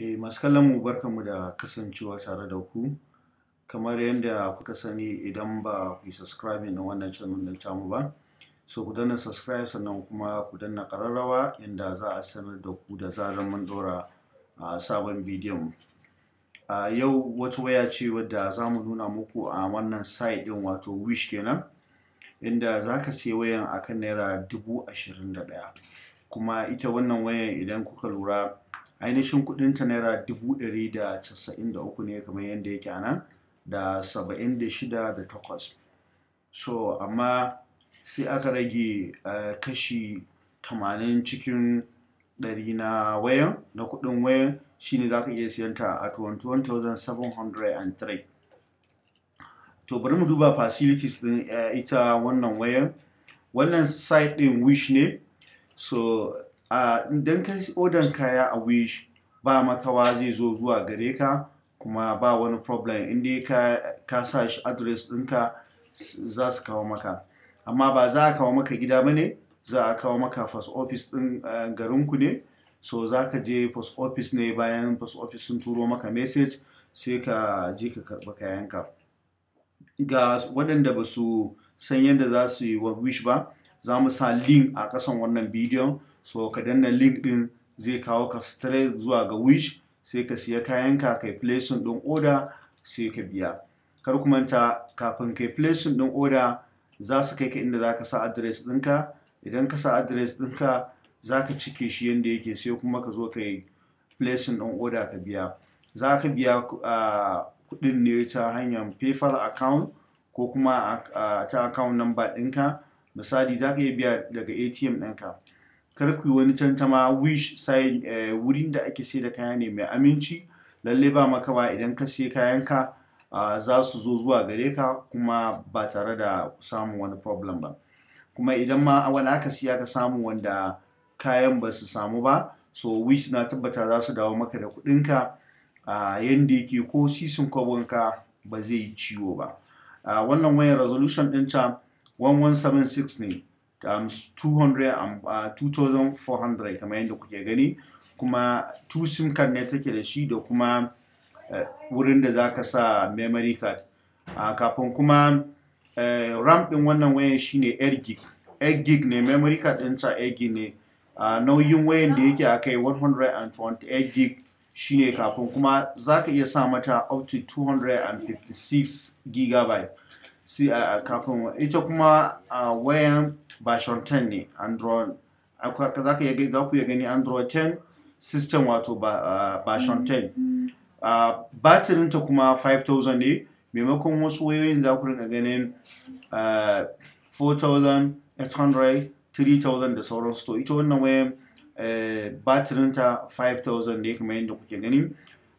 E, masu kallon mu barkanmu da kasancewa tare da ku kamar yadda kuka sani idan ba ku yi subscribe na wannan channel na tamu ba so ku danna subscribe sannan kuma ku danna kararrawa inda za a sanar da ku da zarar mun dora a sabon bidiyon a yau wata waya ce wadda za mu nuna muku a wannan site din wato wish kenan inda za ka siya wayan akan naira dubu ashirin da ɗaya kuma ita wannan wayan idan kuka lura ainihin kudin ta naira dubu da uku ne kamar yadda yake anan da saba'in da shida da takwas so amma sai aka rage eh, kashi tamanin cikin ɗari na wayan na kudin wayan shine za ka iya siyan ta a 21,703 to bari mu duba facilities din eh, ita wannan wayan wannan site din wish ne so idan ka odan kaya a wish ba makawa zai zo zuwa gare ka kuma ba wani problem inda ka, ka sa shi address ɗinka za su kawo maka amma ba za a kawo maka gida ba ne za a kawo maka post office ɗin uh, garinku ne so za ka je post office ne bayan post office sun turo maka message sai ka je ka karɓi kayanka ga waɗanda ba su san yadda za su yi wa wish ba za mu sa link a ƙasan wannan bidiyon so ka danna link ɗin zai kawo ka straight zuwa ga wish sai ka siya kayanka kai placing ɗin order sai ka biya kar kuma manta kafin kai placing ɗin order za su kai ka inda za ka sa address ɗinka idan ka sa address ɗinka za ka cike shi yadda yake sai kuma ka zo ka yi placing ɗin order ka biya za ka biya ah, kuɗin ne ta hanyar paypal account ko kuma ah, ta account number ɗinka misali za ka iya biya daga atm ɗinka kar ku yi wani tantama wish sign eh, wurin da ake sai da kaya ne mai aminci lalle ba maka ba idan ka sai kayanka ah, za su zo zuwa gare ka kuma ba tare da samun wani problem ba kuma idan ma wani aka siya ka samu wanda kayan ba su samu ba so wish na tabbata za su dawo maka da kuɗinka ah, yadda yake ko sisin kwabonka ba zai yi ciwo ba ah, wannan wayan resolution ɗinta 1176 ne times 2400 uh, kamar yadda kuke gani kuma two sim card ne take da shi da kuma eh, wurin da za ka sa memory card ah, kafin kuma eh, ram din wannan wayan ne 8 gig 8 gig ne memory card ta 8 gig ne ah, nauyin wayan da yake akai 128 gig ne kafin kuma za ka iya sa mata up to 256 gigabyte si a kafin ita kuma a wayan version 10 ne android za ku iya gani android 10 system wato version 10 a mm-hmm. ta kuma 5000 ne maimakon wasu wayoyin za ku rinka ganin 4800 3000 da sauransu to ita wannan wayan e, ta 5000 ne kamar yadda kuke gani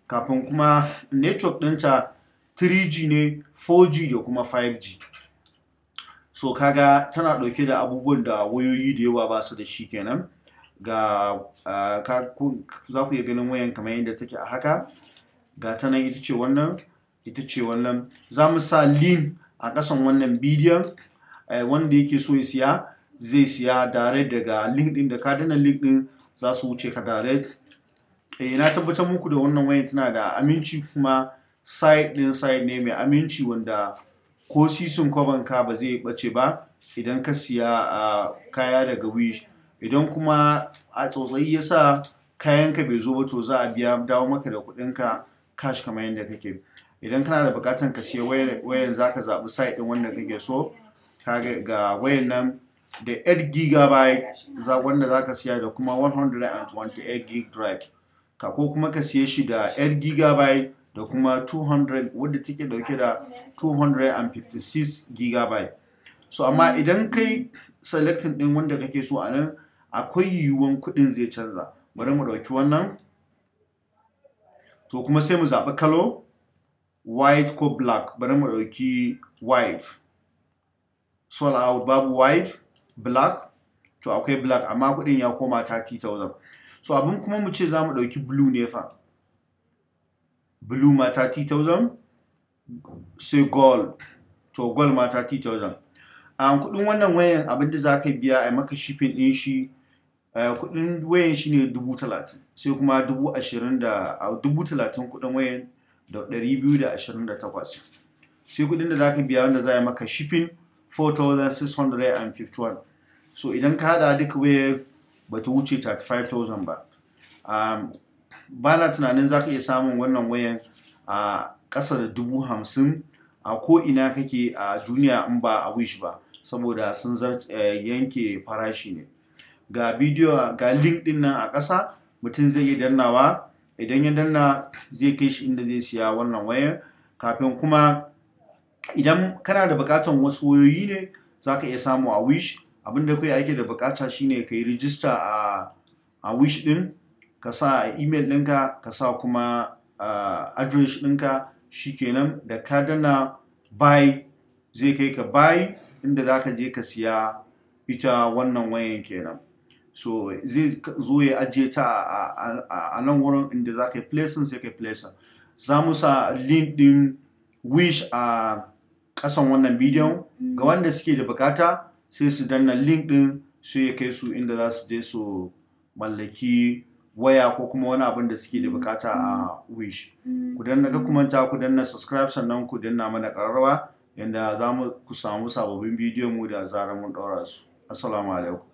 kafin kuma network ɗinta 3G ne 4G da kuma 5G so kaga tana ɗauke da abubuwan da wayoyi da yawa ba su da shi kenan ga za ku iya ganin wayan kamar yadda take a haka ga ta nan ita ce wannan ita ce wannan za mu sa link a ƙasan wannan bidiyon wanda yake so ya siya zai siya direct daga link ɗin da ka dana link ɗin za su wuce ka direct eh na tabbatar muku da wannan wayan tana da aminci kuma site din site ne mai aminci wanda ko sisun kwabanka ba zai bace ba idan ka siya a kaya daga wish idan kuma a tsotsayi ya sa kayanka bai zo ba to za a biya dawo maka da kuɗinka cash kamar yadda kake idan kana da bukatan ka siya wayan za ka zaɓi site ɗin wanda kake so ga wayan nan da 8 gigabyte wanda za ka siya da kuma 128 gig drive ka ko kuma ka siya shi da 8 gigabyte da kuma 200 wadda take dauke da 256 gigabyte so amma idan kai selecting din wanda kake so a nan akwai yiwuwan kudin zai canza bari mu dauki wannan to kuma sai mu zaɓi kalo white ko black bari mu dauki white So out babu white black to akwai black amma kudin ya koma 30,000 so abin kuma mu ce za mu dauki blue ne fa blue mata 2000 sai gold to gold mata 2000 um, kudin wannan wayan abinda za ka biya a maka shipping din shi uh, eh, kudin wayan shi ne talatin sai kuma talatin kudin wayan da 228 sai kudin da za ka biya wanda za a maka shipping 4,651 so idan ka hada duka wayan ba ta wuce 35,000 ba um, ba na tunanin za ka iya samun wannan wayan a ƙasa da dubu hamsin a ko'ina kake a duniya in ba a wish ba saboda sun eh, yanke farashi ne ga bidiyo ga link din nan a ƙasa mutum zai yi dannawa idan ya danna zai kai shi inda zai siya wannan wayan kafin kuma idan kana da bukatan wasu wayoyi ne za ka iya samu a wish abinda kai ake da bukata shine ka yi rijista a wish ɗin. ka sa a email ɗinka ka sa kuma uh, address ɗinka shikenan da ka dana buy zai kai ka buy inda za ka je ka siya ita wannan wayan kenan so zai zo ya ajiye ta a nan wurin inda za ka yi placing sai ka yi placing za mu sa link din wish a kasan wannan bidiyon ga wanda suke da bukata sai su danna link din sai ya kai su inda za su je su mallaki waya ko kuma wani abin da suke da bukata a wish mm. ku danna kuma kumanta ku danna subscribe sannan ku danna mana ƙararrawa, yadda za mu ku samu sababbin bidiyon mu da zarar mun ɗora su assalamu alaikum